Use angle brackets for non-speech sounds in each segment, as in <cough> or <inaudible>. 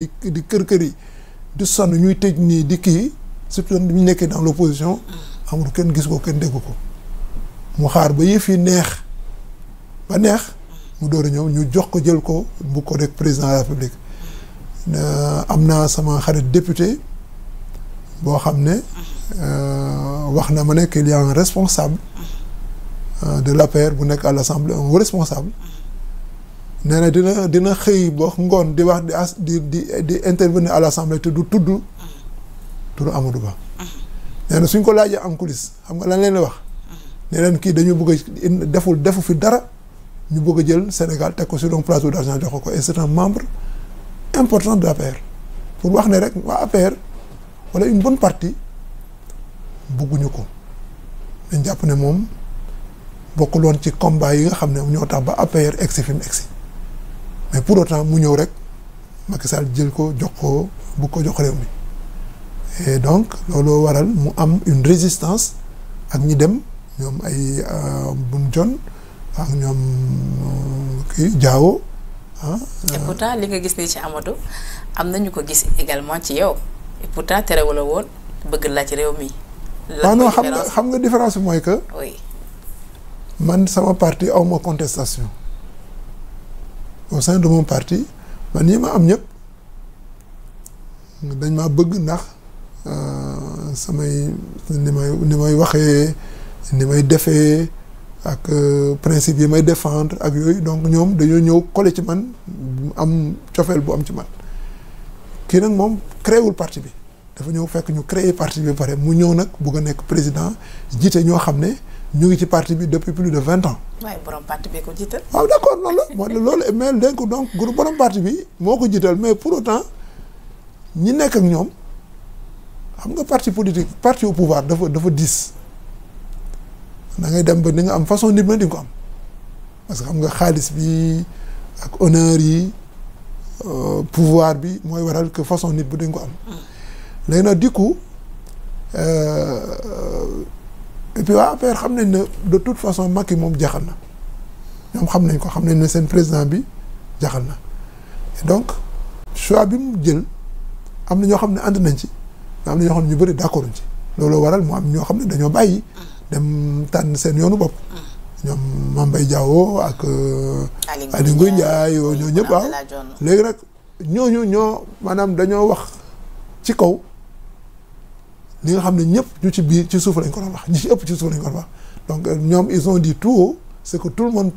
di kër kër yi di sonn ñuy tëj nii di kii surtout ñu nekkee dans l'opposition mm. amul kenn gis ko kenn dégg ko mu xaar ba yëf yi neex ba neex mu door a ñëw ñu jox ko jël ko bu ko rek président de la mm. am na sama xarit député boo xam ne mm. euh, wax na ma ne qu'il y a un responsable euh, de l'APR bu nekk à l'assemblée un responsable nee dina dina xëy boo ngoon di wax di as di di di intervenir à l'assemblée te du tudd. tudd Amadou Ba. Mm-hmm. nee suñ ko laajee en coulisse xam nga la leen di wax. Mm-hmm. ne leen kii dañu bugg a deful defu fi dara ñu bugg a jël Sénégal teg ko sur un plateau d'argent jox ko et c'est membre important de l'APR pour wax ne rek waa APR wala une bonne partie bëgguñu ko. dañ jàpp ne moom bokkul woon ci combat yi nga xam ne ñoo tax ba APR egsi fi mu mais pour autant mu ñëw rek Macky jël ko jox ko bu ko jox réew mi et donc looloo waral mu am une résistance ak ñi dem ñoom ay euh, Boun Dionne ak ñoom euh, kii Diao ah. Euh. et pourtant li nga gis nii ci Amadou am na ñu ko gis également ci yow et pourtant terewul la woon bëgg laa réew mi. lan non xam nga xam nga différence bi mooy que. oui man sama parti awma contestation. au sein de mon parti man ñi ma am ñëpp dañ maa bëgg ndax euh, samay ni may ni may waxee ni may defee ak euh, principe yi may défendre ak yooyu donc ñoom dañoo ñëw collé ci man am cofeel bu am ci man kii nag moom créewul parti bi dafa ñëw fekk ñu créer parti bi ba pare mu ñëw nag bugg a nekk président jiite ñoo xam ne ñu ngi ci parti bi depuis plus de vingt ans. waaye borom parti bi ko jiital. waaw d' accord loolu la <laughs> mooy loolu mais donc donc groupe borom parti bi moo ko jiital mais pour autant ñi nekk ak ñoom xam nga parti politique parti au pouvoir dafa dafa diis da ngay dem ba ni nga am façon nit mën di nga ko am parce que xam nga xaalis bi ak honneur yi euh, pouvoir bi mooy waral que façon nit bu di ko am. Mm. léegi nag du euh, et puis waa affaire xam nañ ne de toute façon yi moom jaxal na ñoom xam nañ ko xam nañ ne seen président bi jaxal na donc choix bi mu jël am na ñoo xam ne ànd nañ ci am na ñoo xam ne ñu bëri d'accord ci loolu waral mu am ñoo xam ne dañoo bàyyi dem tànn seen yoonu bopp ñoom Mame Mbaye Diao ak euh, Aly Ngouille Ndiaye ñoo ñëpp waaw ah. léegi nag ñooñu ñoo maanaam dañoo wax ci kaw li nga xam ne ñëpp ñu ci biir ci suuf lañ ko doon wax ñi ci ëpp ci suuf lañ ko doon wax donc ñoom ils ont dit tout haut ce que tout le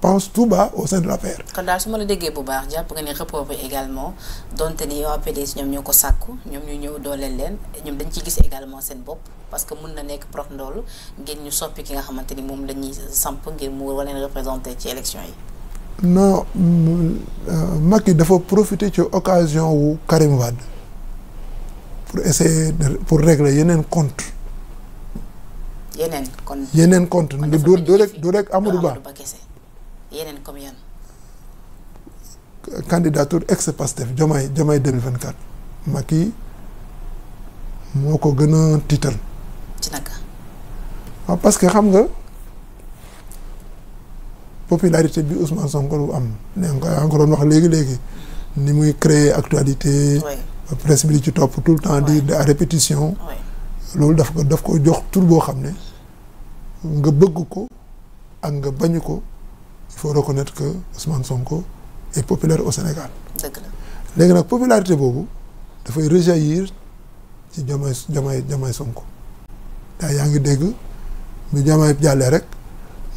pense tout au sein de l'APR. kon daal su ma la déggee bu baax jàpp nga ne report bi également donte ni yow APDS ñoom ñoo ko sàkku ñoom ñu ñëw doo leen leen ñoom dañu ci gis également seen bopp parce que mun na nekk prox ndool ngeen ñu soppi ki nga xamante ni moom la ñuy samp ngir mu war leen représenté ci élection yi. non euh, Macky dafa profiter ci occasion wu Karim Wade. pour essayer de pour régler yeneen compte yeneen kon yeneen compte du du rek du rek Amadou Ba yeneen comme yan candidature ex Pastef Diomaye Diomaye 2024 Macky moo ko gën a tiital ci waaw parce que xam nga popularité bi Ousmane Sonko am ne nga ko doon wax léegi léegi ni muy créer actualité. presse bi di ci topp tout le temps di a répétition loolu daf ko daf ko jox tur boo xam ne nga bëgg ko ak nga bañ ko il faut reconnaître que Ousmane Sonko et populaire au Sénégal léegi nag popularité boobu dafay rejaillir ci Diomaye Diomaye son ko daa yaa ngi dégg bu Diomaye jàllee rek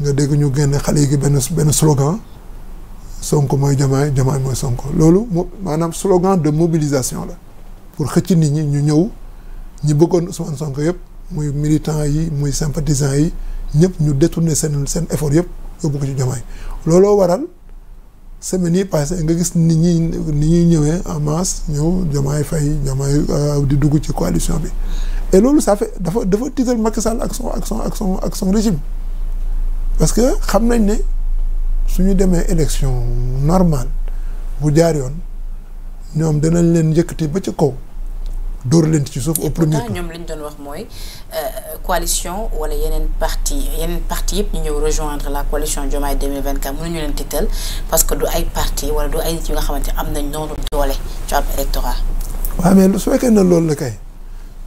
nga dégg ñu génn xale yi benn benn slogan Sonko mooy Diomaye Diomaye mooy sonk loolu maanaam slogan de mobilisation la pour xëcc nit ñi ñu ñëw ñi bëggoon Ousmane sonk yëpp muy militant yi muy sympathisant yi ñëpp ñu détourner seen seen effort yëpp yóbbu ko ci Diomaye looloo waral semaine yi passé nga gis nit ñi ni ñuy ñëwee en masse ñëw Diomaye Faye Diomaye euh, di dugg ci coalition bi et loolu ça fait dafa dafa tiital Macky Sall ak son ak son ak son ak son régime parce que xam nañ ne su ñu demee élection normale bu jaar yoon ñoom danañ leen yëkkati ba ci kaw dóor leen ci suuf au premier tour ñoom li ñu doon wax mooy euh, coalition wala yeneen parti yeneen parti yëpp ñu ñëw rejoindre la coalition Diomaye 2024 mënuñu leen tiital parce que ay parti wala du nga xamante am nañ noonu doole ci ab électorat waaw mais su fekkee ne loolu la kay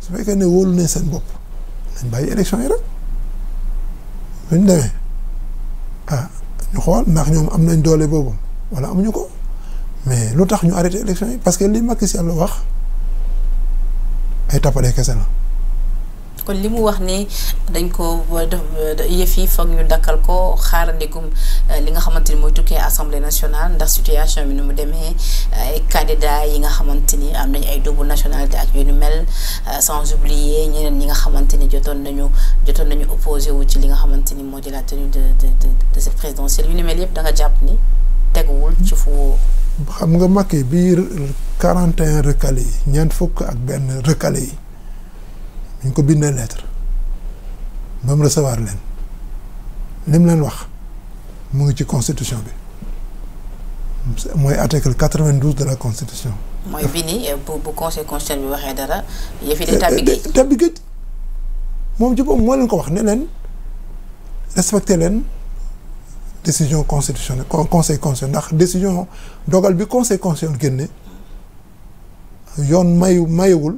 su fekkee ne wóolu nañ seen bopp nañ yi rek suñ demee ah, ñu xool ndax ñoom am nañ doole boobu wala amuñu ko mais lu tax ñu arrêté élection yi parce que li Macky Sall wax ay tappale kese na kon li mu wax ni dañ ko yëf yi foog ñu dakkal ko xaarandigum euh, li nga xamante ni mooy tukkee assemblée nationale ndax situation bi nu mu demee ay candidat yi nga xamante ni am nañ ay double nationalité ak yu ñu mel euh, sans oublier ñeneen ñi nga xamante ni jotoon nañu jotoon nañu opposé wu ci li nga xamante ni moo di la tenue de de de cette présidentielle yu ñu yëpp da jàpp ni teguwul ci fu xam nga Macky biir 41 recalés yi ñeent fukk ak benn recalés yi dañ ko bindee lettre ba mu recevoir leen lim leen wax mu ngi ci constitution bi mooy article quatre-vingt-douze de la constitution. mooy bi ni eh, bu conseil constitutionnel bi waxee dara. yëf yi eh, eh, moom ci boobu moo leen ko wax ne leen leen décision constitutionnelle conseil constitutionnel ndax décision dogal bi conseil constitutionnel génne yoon mayu mayewul.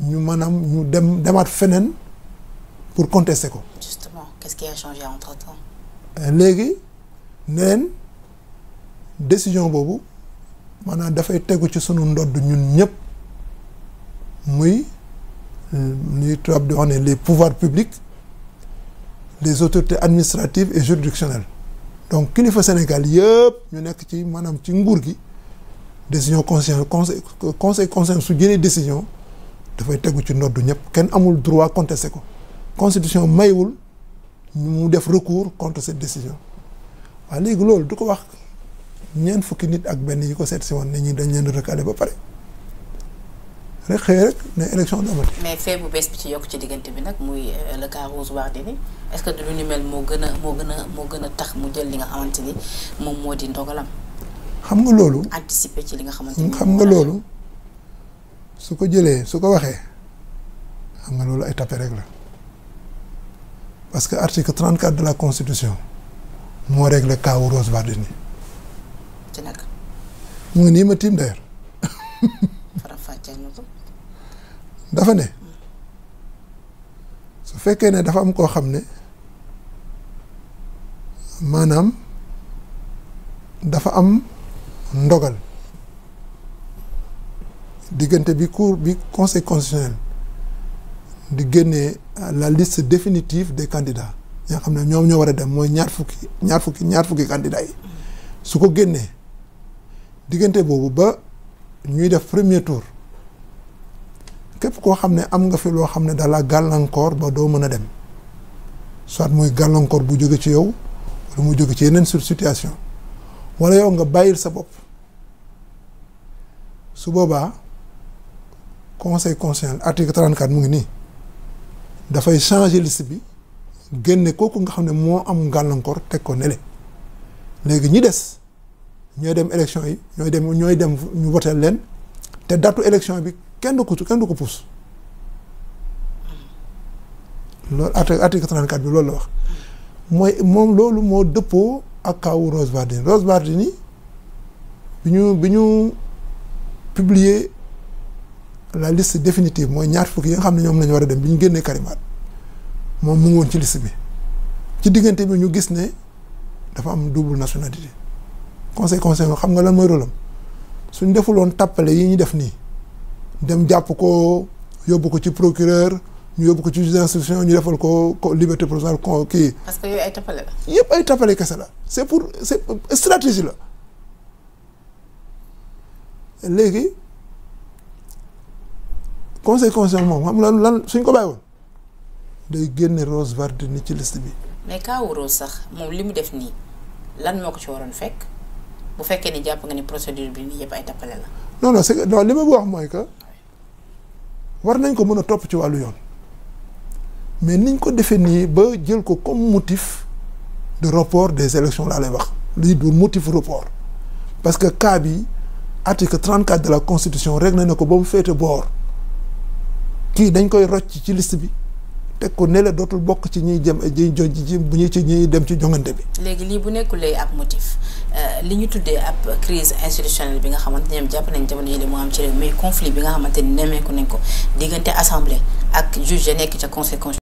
ñu maanaam ñu dem demaat feneen pour contester ko. justement qu'est-ce qui a changé euh, léegi ne décision boobu maanaam dafay tegu ci sunu ndodd ñun ñëpp muy euh, li tubaab di wax ne les pouvoirs publics les autorités administratives et juridictionnelles donc kilifa Sénégal yëpp ñu nekk ci maanaam ci nguur gi décision conseil conseil conseil su jëlee décision. dafay tegu ci noddu ñëpp kenn amul droit contester ko constitution maywul mu def recours contre cette décision waaye léegi loolu du ko wax ñeent fukki nit ak benn yi ko seet si woon ne ñi dañ leen recalé ba pare rek xëy rek ne élection du mais fee bu bees bi ci yokk ci diggante bi nag muy euh, le cas Rose Wardini est-ce que du lu ñu mel moo gën a moo gën a moo gën a tax mu jël li nga xamante ni moom moo di ndogalam. xam nga loolu. anticiper ci li nga xamante ni xam nga loolu. su ko jëlee su ko waxee xam nga loolu ay tappe rek la parce que article 34 de la constitution moo réglé kaawu Rose Wardini ci nag mu ngi nii ma tiim d'ailleurs <laughs> dafa ne su fekkee ne dafa am koo xam ne maanaam dafa am ndogal diggante bi cour bi conseil constitutionnel di génnee euh, la liste définitive de candidats ñoo xam ne ñoom ñoo war a dem mooy ñaar fukki ñaar fukki ñaar fukki candidats yi su ko génnee diggante boobu ba ñuy def premier tour képp koo xam ne am nga fi loo xam ne dala gàllankoor ba doo mën a dem soit muy gàllankoor bu jóge ci yow wala mu jóge ci yeneen sur situation wala yow nga bàyyil sa bopp su boobaa conseil constitutionnel article 34 mu ngi nii dafay changer liste bi génne kooku nga xam ne moo am gàllankoor teg ko nele léegi ñi des ñooy dem élection yi ñooy dem ñooy dem ñu woteel leen te datu élection bi kenn du ko kenn loolu article article 34 bi loolu la wax mooy moom loolu moo dëppoo ak kawu Rose Wardini Rose Wardini bi ñu bi ñu publier la liste définitive mooy ñaar fukki yi nga xam ne ñoom la war a dem bi ñu génnee Karimaat moom mu ngi woon ci liste bi ci diggante bi ñu gis ne dafa am double nationalité conseil conseil xam nga lan mooy rôle am suñ defuloon tàppale yi ñu def nii dem jàpp ko yóbbu ko ci procureur ñu yóbbu ko ci juge d'instruction ñu defal ko liberté provisoire ko kii. parce que yooyu ay tappale la. yëpp ay tappale kese la c'est pour c'est stratégie la léegi. conseil constitutionnel moom xam lan lan suñ ko bàyyi woon day génne Rose Wardini ci list bi. mais kaawu Rose sax moom li mu def nii lan moo ko ci waroon fekk bu fekkee ni jàpp nga ni procédure bi nii yëpp ay tappale la. non non c'est li ma wax mooy que war nañ ko mën a topp ci wàllu yoon mais niñ ko defee nii ba jël ko comme motif de report des élections laa lay wax lii du motif report parce que cas bi article 34 de la constitution réglé na ko ba mu féete boor. kii dañ koy rocc ci liste bi teg ko ne la dootul bokk ci ñuy jëm ji joj ji bu ñuy ci ñuy dem ci jongante bi. léegi lii bu nekkulee ab motif euh, li ñu tuddee ab crise institutionnelle bi nga xamante ne jàpp nañ jamono yële moo am ci réew mi conflit bi nga xamante ni nemmeeku nañ ko diggante assemblée ak juge nekk ca conseil